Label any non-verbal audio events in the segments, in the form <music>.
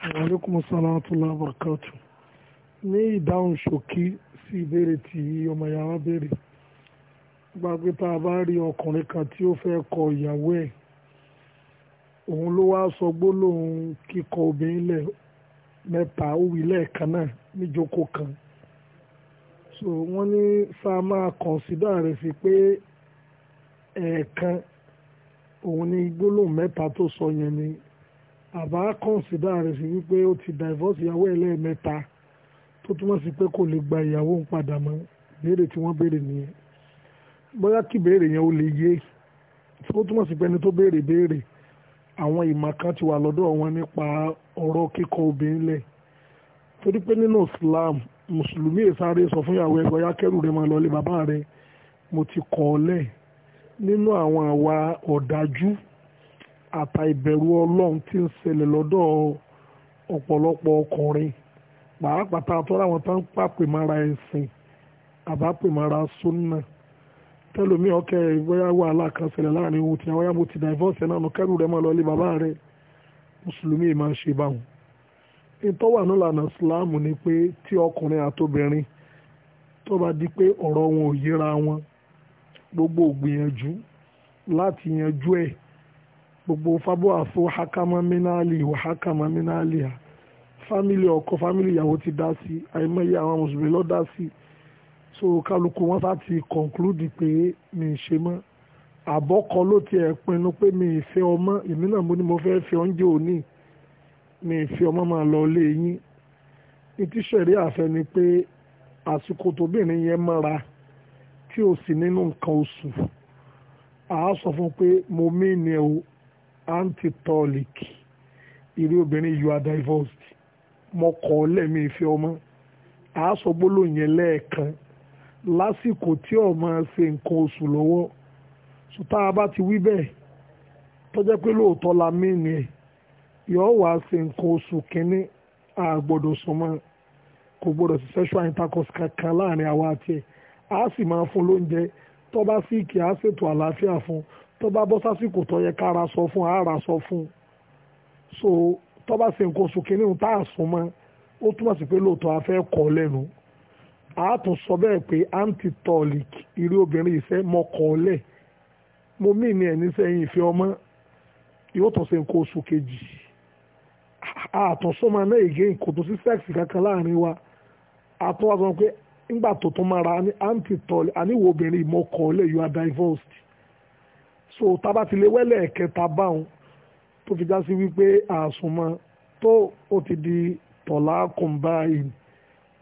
alaikum salatullahi barakatu ní ìdáhùn ṣókí sí ìbéèrè tí ọmọ yàrá béèrè gbàgbé tá a bá rí ọkùnrin kan tí ó fẹ́ kọ ìyàwó ẹ̀ òun ló wá sọ gbólóhùn kíkọ obìnrin lẹ̀ mẹ́ta ó wí lẹ́ẹ̀kan náà níjókòó kan so wọ́n ní sá máa kọ̀ǹsídà rẹ̀ sí pé ẹ̀ẹ̀kan òun ní gbólóhùn mẹ́ta tó sọ yẹn ni àbá kọ̀ǹsídà rẹ̀ sí wípé ó ti divorce ìyàwó ẹ̀ lẹ́ẹ̀mẹ́ta tó túmọ̀ sí pé kò lè gba ìyàwó ń padà mọ́ béèrè tí wọ́n béèrè nìyẹn bóyá kí béèrè yẹn ó lè yé tó túmọ̀ sí pé ẹni tó béèrè béèrè àwọn ìmọ̀ kan ti wà lọ́dọ̀ wọn nípa ọ̀rọ̀ kíkọ obìnrin lẹ̀ torí pé nínú Islam mùsùlùmí ìsáré sọ fún ìyàwó ẹgbẹ́ ya kẹ́rù rẹ máa lọ lé bàbá rẹ mo ti kọ̀ ọ́ lẹ̀ nínú àwọn àwa ọ̀dájú àtà ìbẹ̀rù ọlọ́run tí ń ṣẹlẹ̀ lọ́dọ̀ ọ̀pọ̀lọpọ̀ ọkùnrin pàápàá tá a tọ́ra àwọn tó ń pàpè mára ẹ̀sìn àbápè mára súnà tẹlomi ọkẹ ìbóyá wàhálà kan ṣẹlẹ̀ láàrin ohun tí àwọn yàgò ti divorce náà kẹrù rẹ máa lọ lé bàbá rẹ mùsùlùmí máa ṣe báwọn ìtọ́wà náà lànà síláàmù ni pé tí ọkùnrin àtobìnrin tó bá di pé ọ̀rọ̀ wọn ò yíra wọn gbogbo ògbìyànjú láti yanjú ẹ̀ gbogbo fábọ́ àfo hakama minali wà hakama minali ha fámìlì ọkọ fámìlì ìyàwó ti dá sí àìmọye àwọn mùsùlùmí lọ dá sí so kálukú wọn sá ti conclude pé mi ì ṣe mọ́ àbọ́kọ ló tiẹ̀ pinnu pé mi ì fẹ́ ọmọ èmi náà mo ní mo fẹ́ fi oúnjẹ òní mi ì fi ọmọ máa lọ lé yín ní tíṣẹ̀rí àfẹ́ ni pé àsìkò tóbìnrin yẹn mọ́ra tí ò sí nínú nǹkan oṣù àá sọ fún pé mo mí ni o antitolic ìrí obìnrin you are divorced mo kọ̀ ọ́ lẹ́mí ìfẹ́ ọmọ àásọ gbólóhùn yẹn lẹ́ẹ̀kan lásìkò tí ọmọ ṣe nǹkan oṣù lọ́wọ́ sùtá a bá ti wí bẹ́ẹ̀ tọ́jẹ́ pé lóòótọ́ la mìíní ẹ̀ yọ̀ọ́ wàá ṣe nǹkan oṣù kínní a gbọ́dọ̀ sọmọ kò gbọ́dọ̀ sí sexual intercourse kankan láàrin àwa àti ẹ̀ a sì máa fún lóúnjẹ tó bá síkì a ṣètò àlàáfíà fún un tó bá bọ́ sásìkò tó yẹ kára sọ fún ara sọ fún so tó bá ṣe nǹkan oṣù kìnìún tá a mọ́ ó túmọ̀ sí pé lóòótọ́ a fẹ́ kọ́ lẹ́nu a tún sọ bẹ́ẹ̀ pé antitolic irú obìnrin mo mí ní ẹni sẹ́yìn ìfẹ́ ọmọ yóò tún nǹkan oṣù kejì ègé kankan láàrin wa sọ pé tó tún antitolic so tába ti lé wẹ́lẹ̀ kẹta báwọn tó fi já sí wípé àsùnmọ́ tó o ti di tọ̀lá kùnbáyìn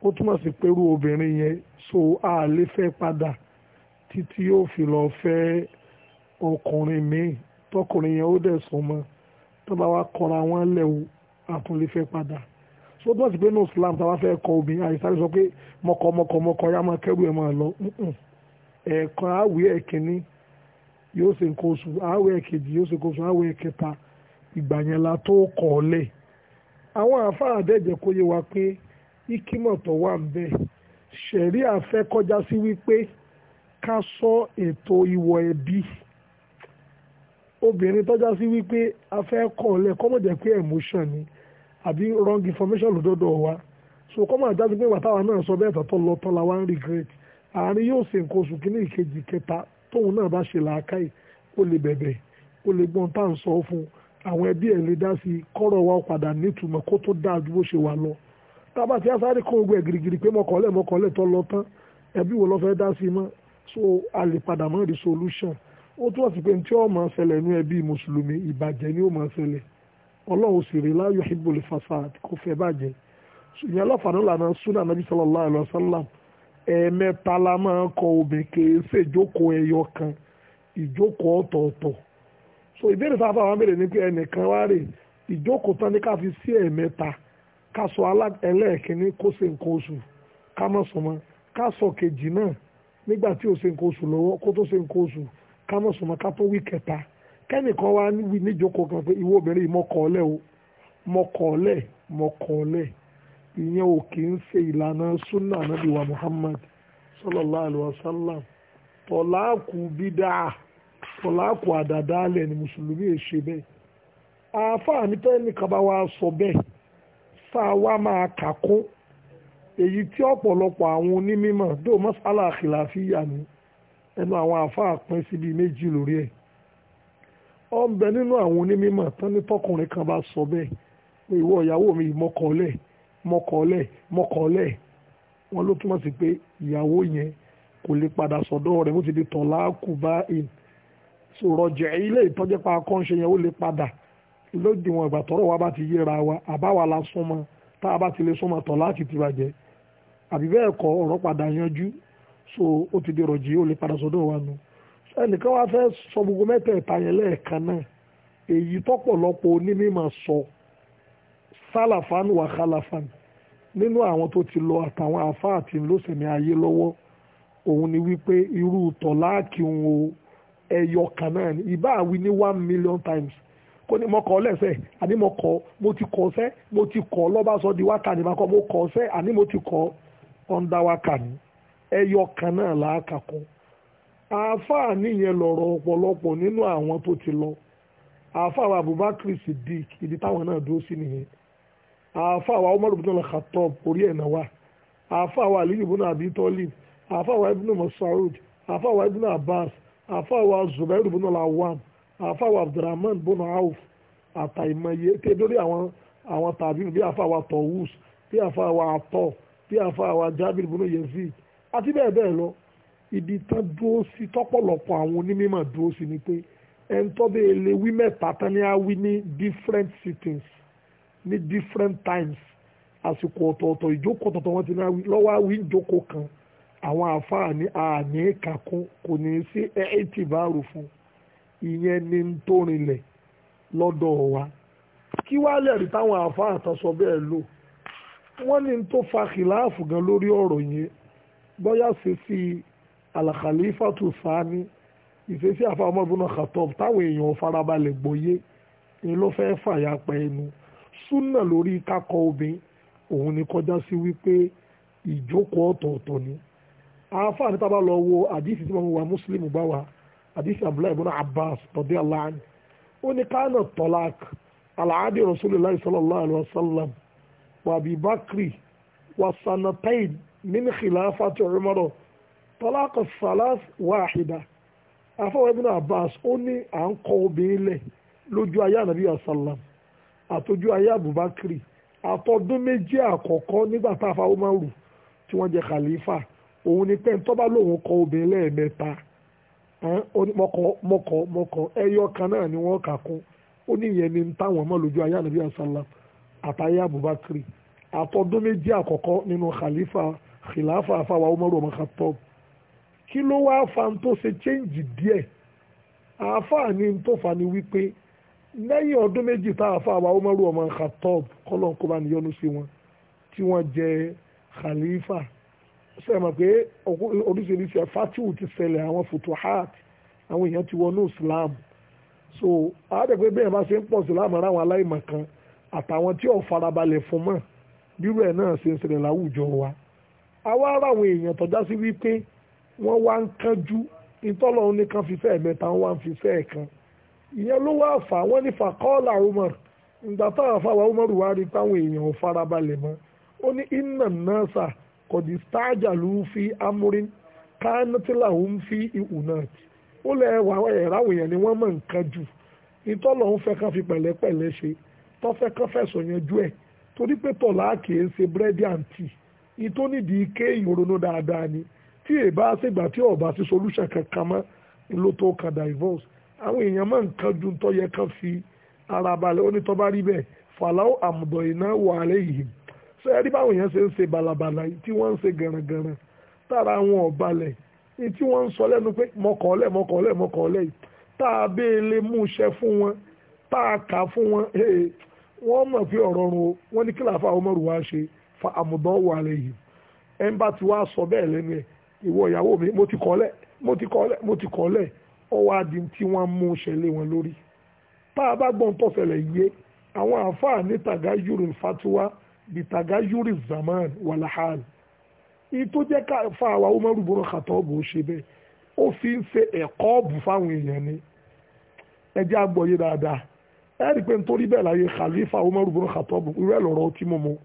ó túmọ̀ sí pẹ̀rú obìnrin yẹn so a lè fẹ́ padà títí yóò fi lọ fẹ́ ọkùnrin míì tọkùnrin yẹn ó dẹ̀ sùn mọ́ tó bá wa kọra wọn lẹ́wọ̀ àtúnlẹ́fẹ́ padà so tó bá ti pé ní Islam táwa fẹ́ kọ obìnrin àìsàn sọ pé mọ̀kọ̀mọ̀kọ̀mọ̀kọ̀ yá máa kẹ́rù ẹ̀ máa lọ ẹ̀ẹ̀kan àwí ẹ̀kíní. yóò ṣe nǹkan oṣù àwẹ̀ kejì yóò ṣe nǹkan oṣù àwẹ̀ kẹta ìgbà yẹn la tó kọ̀ àwọn àáfàá dẹ̀jẹ̀ wa pé wà ń àfẹ́ kọjá sí wípé ká sọ ètò ìwọ̀ ẹbí obìnrin tọ́já sí wípé afẹ́ emotion ni àbí wrong information lódodo wa so kọ́mọ̀ àjáde pé wàtáwa náà sọ bẹ́ẹ̀ tó lọ la ń regret àárín yóò nǹkan oṣù kínní ìkejì tóun náà bá ṣe làákàyè ó lè bẹ̀bẹ̀ ó lè gbọ́n tá à ń sọ fún àwọn ẹbí ẹ̀ lè dá sí kọ́rọ̀ wa padà nítumọ̀ kó tó dáa ju bó ṣe wà lọ tábà tí asáré kan ogun ẹ̀ girigiri pé mọ̀kànlẹ̀ mọ̀kànlẹ̀ tó lọ tán ẹbí wo lọ fẹ́ dá sí mọ́ so a lè padà mọ́ di solution ó túwọ̀ sí pé tí ó máa ṣẹlẹ̀ ní ẹbí mùsùlùmí ìbàjẹ́ ni ó máa ṣẹlẹ̀ ọlọ́run sì rí láyọ̀ ìbòlè fasad kò fẹ́ bàjẹ́ ṣùgbọ́n aláfààní lànà sunnah ẹ̀ẹ̀mẹ́ta la máa ń kọ obìn kìí ṣèjókòó ẹyọ kan ìjókòó ọ̀tọ̀ọ̀tọ̀ so ìbéèrè tá a bá wọn béèrè ni pé ẹnìkan wá rè ìjókòó tán ní ká fi sí ẹ̀ẹ̀mẹ́ta ká sọ ẹlẹ́ẹ̀kínní kó ṣe nǹkan oṣù ká má sọ mọ́ ká sọ kejì náà nígbà tí ò ṣe nǹkan oṣù lọ́wọ́ kó tó ṣe nǹkan oṣù ká má sọ mọ́ ká tó wí kẹta kẹ́nìkan wá níjókòó kan pé ìwọ obìnrin mọ́kọ̀ọ́lẹ̀ o mọ́kọ̀ọ́lẹ̀ mọ́kọ̀ọ́lẹ̀ ìyẹn ò kì í ṣe ìlànà súnà nàbí wa muhammad sallallahu alayhi wa sallam tọ́láàkù bídà tọ́láàkù àdàdálẹ̀ ni mùsùlùmí è ṣe bẹ́ẹ̀ àáfàá mi tẹ́ nìkan bá wa sọ bẹ́ẹ̀ sáà wá máa kà kún èyí tí ọ̀pọ̀lọpọ̀ àwọn onímọ̀ dó mọ́sálà àkìláfíyà ni ẹnu àwọn àáfàá pín sí bíi méjì lórí ẹ̀ ó nínú àwọn onímọ̀ tán ní tọkùnrin kan bá sọ bẹ́ẹ̀ pé ìwọ ìyàwó mi ìmọ̀kànlẹ̀ mọ́kànlẹ̀ mọ́kànlẹ̀ wọn ló túmọ̀ sí pé ìyàwó yẹn kò lè padà sọ̀dọ̀ rẹ̀ bó ti di tọ̀lá kù bá in sòrọ̀jẹ̀ ilé ìtọ́jẹ́pá akọ́ńṣe yẹn ó lè padà lódiwọ̀n ìgbà tọ́rọ̀ wa bá ti yéra wa àbáwa la súnmọ́ tá a bá ti lè súnmọ́ tọ̀ láti ti bàjẹ́ àbí bẹ́ẹ̀ kọ́ ọ̀rọ̀ padà yanjú so ó ti di rọ̀jì ó lè padà sọ́dọ̀ wa nu ẹnìkan wá fẹ́ sọ gbogbo mẹ́tẹ̀ẹ̀ta yẹn lẹ́ẹ̀kan náà èyí tọ́pọ̀lọpọ̀ onímọ̀ sọ sálàfánù wà kálàfánù nínú àwọn tó ti lọ àtàwọn àfáà tí ń lọ sẹ̀mí ayé lọ́wọ́ òun ni wípé irú tọ̀láàkì òun o ẹyọ kan náà ni ìbá àwi ní one million times kó ní mo kọ́ lẹ́sẹ̀ àní mo kọ́ mo ti kọ́ sẹ́ mo ti kọ́ lọ́ba sọ di wákà ní makọ́ mo kọ́ sẹ́ àní mo ti kọ́ ọ̀ndà wákà ní ẹyọ kan náà làákà kọ́ àáfàá nìyẹn lọ̀rọ̀ ọ̀pọ̀lọpọ̀ nínú àwọn tó ti lọ àáfàá Abubakar Siddiq ìdí táwọn náà dúró sí nìyẹn àáfà wa Umar ibn al-Khattab orí ẹ̀ náà wà àáfà wa Ali ibn Abi Talib àáfà wa ibn Mas'ud àáfà wa ibn Abbas àáfà wa Zubair ibn al-Awwam àáfà wa Abdurrahman ibn Auf àtàìmọye ké lórí àwọn àwọn tàbí bí àáfà wa Tawus bí àáfà wa Atọ bí àáfà wa Jabir ibn Yazid àti bẹ́ẹ̀ bẹ́ẹ̀ lọ ibi tán dúró sí tọ́pọ̀lọpọ̀ àwọn onímọ̀ dúró sí ni pé ẹ̀ńtọ́ bẹ́ẹ̀ lè wí mẹ́ta tán ní á wí ní different sittings ní different times àsìkò ọ̀tọ̀ọ̀tọ̀ ìjókòó ọ̀tọ̀ọ̀tọ̀ wọn ti ní lọ́wọ́ àwí ìjókòó kan àwọn àáfàá ní àní kàkún kò ní sí eighty báàrù fún ìyẹn ní ń tó rinlẹ̀ lọ́dọ̀ wa kí wàá lẹ́rìí táwọn àáfàá àtàsọ bẹ́ẹ̀ lò wọ́n ní tó fa kìláàfù gan lórí ọ̀rọ̀ yẹn bóyá ṣe sí alàkàlífà tó sáání ìṣesí àfàmọ́bùnà kàtọ́ táwọn èèyàn farabalẹ̀ gbòye ni ló fẹ́ fàyà pa ẹnu. E súnà lórí kákọ obìnrin òun ni kọjá sí wípé ìjókòó ọ̀tọ̀ọ̀tọ̀ ni àáfàá níta bá lọ wo àdìsí tí wọn wà mùsùlùmí bá wa àdìsí abdullahi ibn abbas tọ́dí aláàánì ó ní káànà tọ́lák aláàdì rasulillah sallallahu alayhi wa sallam wa abibakri wa sanatain min khilafati umar tọ́lák salas wáhida àfọwọ́ ibn abbas ó ní à ń kọ obìnrin lẹ̀ lójú ayé ànàbíyà sallam àtọ́jú ayé Abubakar àtọ́dún méjì àkọ́kọ́ nígbà tá a fa Umaru tí wọ́n jẹ khalifa òun ni pé tọ́ba lòun kọ obìnrin lẹ́ẹ̀mẹ́ta mọ́kọ mọ́kọ mọ́kọ ẹyọ kan náà ni wọ́n kà kún ó ní ìyẹn ni táwọn ọmọ lójú ayé ànàbí àṣàlá àtàyé Abubakar àtọ́dún méjì àkọ́kọ́ nínú khalifa khilafa àfàwà Umaru ọmọ Khattab kí ló wáá fa tó ṣe change díẹ̀ àáfàá ni tó fa ni wípé lẹ́yìn ọdún méjì tá a fa àwa Umaru ọmọ Khattab kọ́lọ́n kó bá níyọnu sí wọn tí wọ́n jẹ khalifa sẹ́mi pé oríṣiríṣi fatihu ti ṣẹlẹ̀ àwọn futuhat àwọn èèyàn ti wọnú Islam so àádẹ́gbẹ́ bẹ́ẹ̀ bá ṣe ń pọ̀ sí láàmú ráwọn aláìmọ̀ kan àtàwọn tí ò farabalẹ̀ fún mọ́ bírú ẹ̀ náà ṣe ń ṣẹlẹ̀ láwùjọ wa àwa ara àwọn èèyàn tọ́já sí wípé wọ́n wá ń kánjú ìtọ́lọ́run nìkan fi fẹ́ẹ̀ mẹ́ta wọ́n wá ń fi fẹ́ẹ̀ kan ìyẹn ló wá fà wọ́n ní fàkọ́ọ̀là Umar ìgbà táwọn afáwà Umar wá rí táwọn èèyàn ò farabalẹ̀ mọ́ ó ní iná náà sà kò dì stájà ló ń fi amúrin kánátìlà ó ń fi ihò náà tì ó lẹ̀ wà ẹ̀ráwọ̀ èèyàn ni wọ́n mọ̀ nǹkan jù ìtọ́lọ̀ ń fẹ́ kán fi pẹ̀lẹ́pẹ̀lẹ́ ṣe tọ́fẹ́ kán fẹ̀sọ̀ yẹn jú ẹ̀ torí pé tọ̀lá kìí ṣe búrẹ́dì àǹtì ìtó nídìí kéèyàn dáadáa ni tí èèbá ṣègbà tí ọ̀bà sí solúṣàn kankan mọ́ ló tó kan divorce àwọn èèyàn máa ń kan ju tó yẹ kan fi ara balẹ̀ ó ní bá rí bẹ́ẹ̀ fàlàó àmùdọ̀ iná wà lẹ́yìn ṣé ẹ rí báwọn èèyàn ṣe ń ṣe balabala tí wọ́n ń ṣe gànràngànrà tára wọn ò balẹ̀ ní tí wọ́n ń sọ lẹ́nu pé mọ̀kànlẹ̀ mọ̀kànlẹ̀ mọ̀kànlẹ̀ tá a bẹ́ẹ̀ lè mú iṣẹ́ fún wọn tá a kà fún wọn eh, wọ́n mọ̀ pé ọ̀rọ̀ run o wọ́n ní kílàfà ọmọrù wa ṣe fa àmùdọ̀ wà lẹ́yìn ẹ̀ ó wá di tí wọ́n mú ṣẹlẹ̀ wọn lórí tá a bá gbọ́n tó ṣẹlẹ̀ yé àwọn àáfàá ní tagayuri fatiwa bí tagayuri zaman walahal ìtó jẹ́ ká fa àwa Umaru bọ́rọ̀ kàtọ́ bò ó ṣe bẹ́ẹ̀ ó fi ń ṣe ẹ̀kọ́ ọ̀bù fáwọn èèyàn ni ẹjẹ́ àgbọ̀yé dáadáa ẹ̀rí pé nítorí bẹ́ẹ̀ láyé khalifa Umaru bọ́rọ̀ kàtọ́ bò irú ẹ̀ lọ́rọ̀ ọtí mọ́mọ́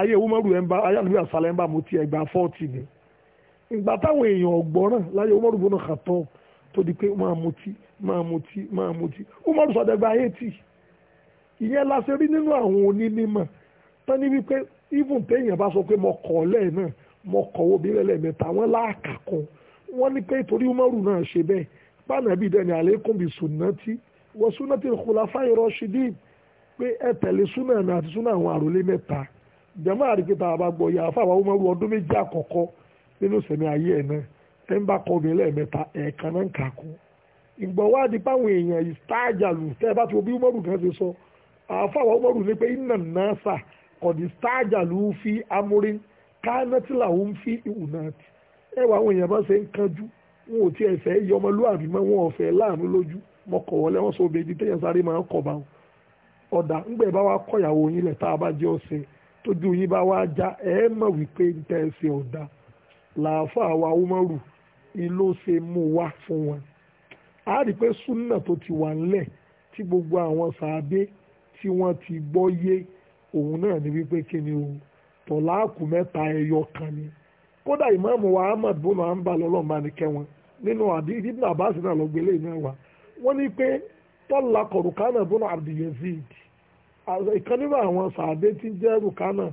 ayé Umaru ẹ̀ ń bá ayé àlùbí àṣàlẹ̀ ń bá mo ti ẹ̀gbà fọ́ọ̀tì ni ìgbà táwọn èèyàn ọ̀gbọ́ràn láyé umaru bọ́nà kàtọ́ tó di pé máa mutí máa mutí máa mutí umaru sọ̀dẹ̀gba eighty ìyẹn la ṣe rí nínú àwọn onímọ̀ tán ní wípé even téèyàn bá sọ pé mo kọ̀ lẹ́ẹ̀ náà mo kọ̀ obìnrin lẹ́ẹ̀mẹ́ta wọn láàkà kan wọ́n ní pé torí umaru náà ṣe bẹ́ẹ̀ bánàbí dẹni àlékún bíi sunnati wọ́n sunnati khulafa rashidin pé ẹ tẹ̀lé súnà àti súnà àwọn àròlé mẹ́ta jẹ́mọ́ àríkìtà àbágbọ̀ yàáfà àwọn ọmọ ọdún méjì àkọ́kọ́ nínú sẹ̀mí ayé ẹ̀ náà tẹ́ńbà kọ obìnrin lẹ́ẹ̀mẹ́ta ẹ̀ẹ̀kan náà ń kà kún ìgbọ̀n wá di páwọn èèyàn ìstáàjàlù tẹ́ ẹ bá ti wo bí umaru kan ṣe sọ àfàwọ̀ umaru ní pé iná náà sà kọ̀dí ìstáàjàlù fi amúrin kánátìlà òun fi ìhùnàtì ẹ wà àwọn èèyàn bá ṣe ń kanjú wọn ò tiẹ̀ fẹ́ yọ ọmọlúwàbí mọ́ wọn ò láàánú lójú mọ́kọ̀ wọn sọ làáfàá wa umaru ìlò se mú wá fún wọn a rí i pé súnà tó ti wà ńlẹ̀ tí gbogbo àwọn sàábé tí wọ́n ti gbọ́ yé òun náà ni wípé kí ni o tọ̀láàkù mẹ́ta ẹyọ kan ni kódà ìmáàmù wa ahmad bono anba lọ́lọ́mọba ni kẹwọn nínú àdí ibn abbas náà lọ́gbẹ́lẹ́ iná wa wọ́n ní pé tọ́lá kọ̀ rukana bono abdiyezid ìkan nínú àwọn sàábé tí ń jẹ́ rukana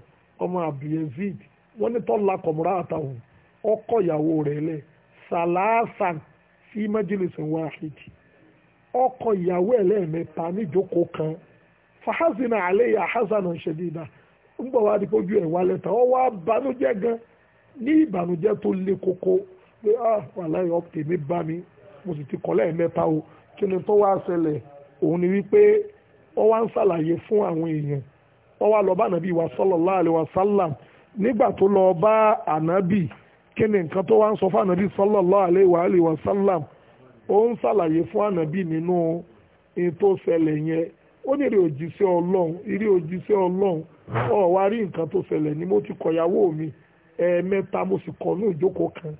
ọmọ abdiyezid wọ́n ní tọ́lá kọ̀ àtàwọn ọkọ ìyàwó rẹ̀ lẹ̀ salasan sí majlisin wahid ọkọ ìyàwó ẹ̀ lẹ́ẹ̀mẹ́ta níjókòó kan fahazina aleya hazana shadida ń bọ̀ wá di pójú ẹ̀ wálẹ̀ tán wọ́n wá banújẹ́ gan ní ìbànújẹ́ tó le koko pé ah wàláyé o kí ni tó wá ṣẹlẹ̀ òun ni fún àwọn èèyàn wá lọ bá wa kini ni nǹkan tó wá ń sọ fún ànábì sallallahu alaihi wa alihi wa sallam ó ń ṣàlàyé fún ànábì nínú ètò ṣẹlẹ̀ yẹn ó ní èrè òjíṣẹ́ ọlọ́run èrè òjíṣẹ́ ọlọ́run ó wá rí nǹkan tó ṣẹlẹ̀ ni mo ti kọ̀yàwó mi ẹ̀ẹ̀mẹ́ta mo sì kọ̀ ní ìjókòó kan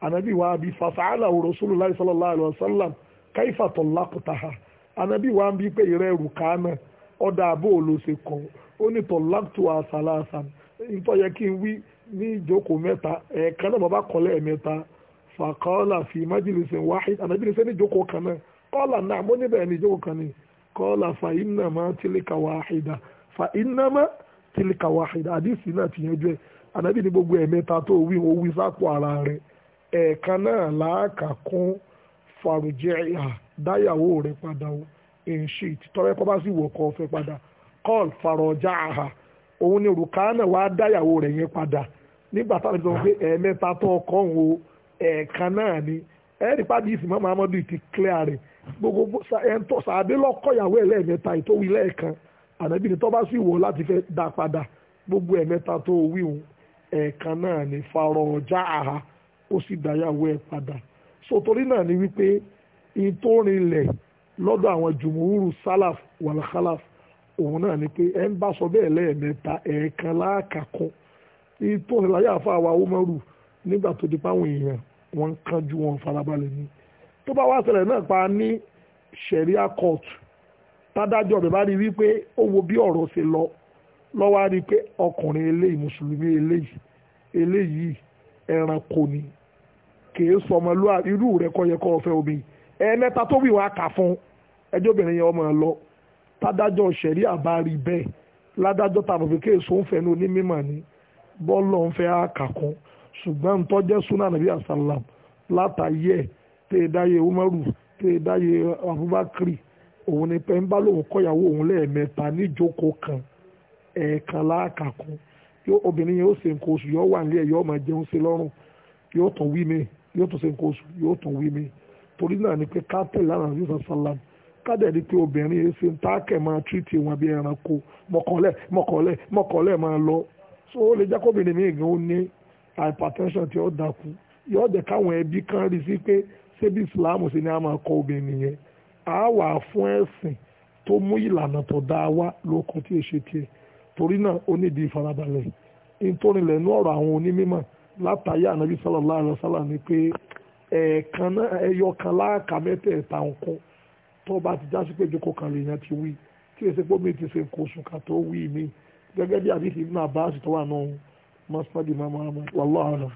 ànábì wa bí fasa'ala wa sallam kaifa talaqtaha ànábì wa ń bí pé ìrẹ́ kan ní ìjókòó mẹ́ta ẹ̀ẹ̀kan náà bàbá kọ́ lẹ́ẹ̀mẹ́ta fàkọ́ọ́là fi májìlísẹ̀ wáhid ànábìlísẹ̀ ní ìjókòó kan náà kọ́ọ̀là náà mo níbẹ̀ ní ìjókòó kan ní kọ́ọ̀là fa innama tilka wáhidà fa innama tilka wáhidà àdìsí náà ti yanjú ẹ̀ ànábì ní gbogbo ẹ̀mẹ́ta tó wí o wí sápò ara rẹ̀ ẹ̀ẹ̀kan náà làákà kún farujẹ́à dáyàwó rẹ̀ padà o ìṣe ìtìtọ́rẹ́ kọ́ bá sì wọ̀ kọ́ fẹ́ nígbà táwọn ẹbí sọ pé <laughs> ẹ̀ẹ̀mẹ́ta tó ọkọ̀ ń wo ẹ̀ẹ̀kan náà ni ẹ̀ẹ́dì pàdé ìsìnmọ́ muhammadu ti clear rẹ̀ gbogbo ẹ̀ńtọ́ sàdé lọ́kọ̀yàwó ẹlẹ́ẹ̀mẹ́ta ìtòwí lẹ́ẹ̀kan ànábì ni tó bá sì wọ̀ láti fẹ́ dá padà gbogbo ẹ̀mẹ́ta tó wíhun ẹ̀ẹ̀kan náà ni farọ ọjà àhá ó sì dáyàwó ẹ̀ padà sotori náà ni wípé ìtòrinlẹ̀ lọ́dọ̀ àwọn jùmùúrù sálàf wàlàkálàf òun náà ni pé ẹ̀ ń bá sọ bẹ́ẹ̀ lẹ́ẹ̀mẹ́ta ẹ̀ẹ̀kan láàkàkùn tó láyé àfa àwa Umaru nígbà tó di páwọn èèyàn wọn ń kánjú wọn farabalẹ̀ ni tó bá wá ṣẹlẹ̀ náà pa ní sharia court tádájọ́ bẹ̀ bá rí wípé ó wo bí ọ̀rọ̀ ṣe lọ lọ́wọ́ á rí i pé ọkùnrin eléyìí mùsùlùmí eléyìí eléyìí ẹranko ni kìí sọmọlúwa irú rẹ̀ kọ́ yẹ kọ́ ọ̀fẹ́ omi ẹ̀ẹ́mẹ́ta tó wíwá kà fún ẹjọ́ obìnrin yẹn ọmọ lọ tádájọ́ sẹ̀rí àbá rí bẹ́ẹ̀ ládájọ́ tàbí kéèso ń fẹ́nu onímọ̀ ni bọ́ọ̀lù ń fẹ́ àkàkún ṣùgbọ́n tó jẹ́ súnà nàbí àsàlám látàyẹ tẹ́ ẹ dáyé umaru tẹ́ ẹ dáyé abubakari òun ni pẹ́ ń bá lòun kọ́yàwó òun lẹ́ẹ̀mẹ́ta níjókòó kan ẹ̀ẹ̀kan láàkàkún yóò obìnrin yẹn ó ṣe nǹkan oṣù yóò wà nílé ẹ̀ yóò máa jẹun sí lọ́rùn yóò tún wí mi yóò tún ṣe nǹkan oṣù yóò tún wí mi torí náà ni pé káàtẹ̀ lára nàbí àsàlám kádẹ̀ẹ́dì pé obìnrin yẹn ṣe ń táàkẹ̀ máa tírìtì wọn bí ẹranko mọ̀kànlẹ̀ mọ̀kànlẹ̀ mọ̀kànlẹ̀ máa lọ so ó lè jẹ́ kóbìnrin mi gan ó ní hypertension tí ó dákú yóò jẹ́ káwọn ẹbí kan rí sí pé ṣébí Islam sì ni a máa kọ obìnrin yẹn a wà fún ẹ̀sìn tó mú ìlànà tó dáa wá lóko tí èṣe tiẹ̀ torí náà ó nídìí ìfarabalẹ̀ nítorínlẹ̀ inú ọ̀rọ̀ àwọn onímọ̀ látàyé ànábì sallallahu alaihi wasallam ni pé ẹ̀ẹ̀kan náà ẹyọ kan láàkà mẹ́tẹ̀ẹ̀ta nǹkan tó bá ti já pé ìjókòó kan lèèyàn ti wí tí èsì pé ti ṣe nǹkan oṣù kan tó wí mi gẹ́gẹ́ bí àdìsí ibn Abbas tó wà náà mọ́sánàdì mọ́mọ́ wàlláhùn náà.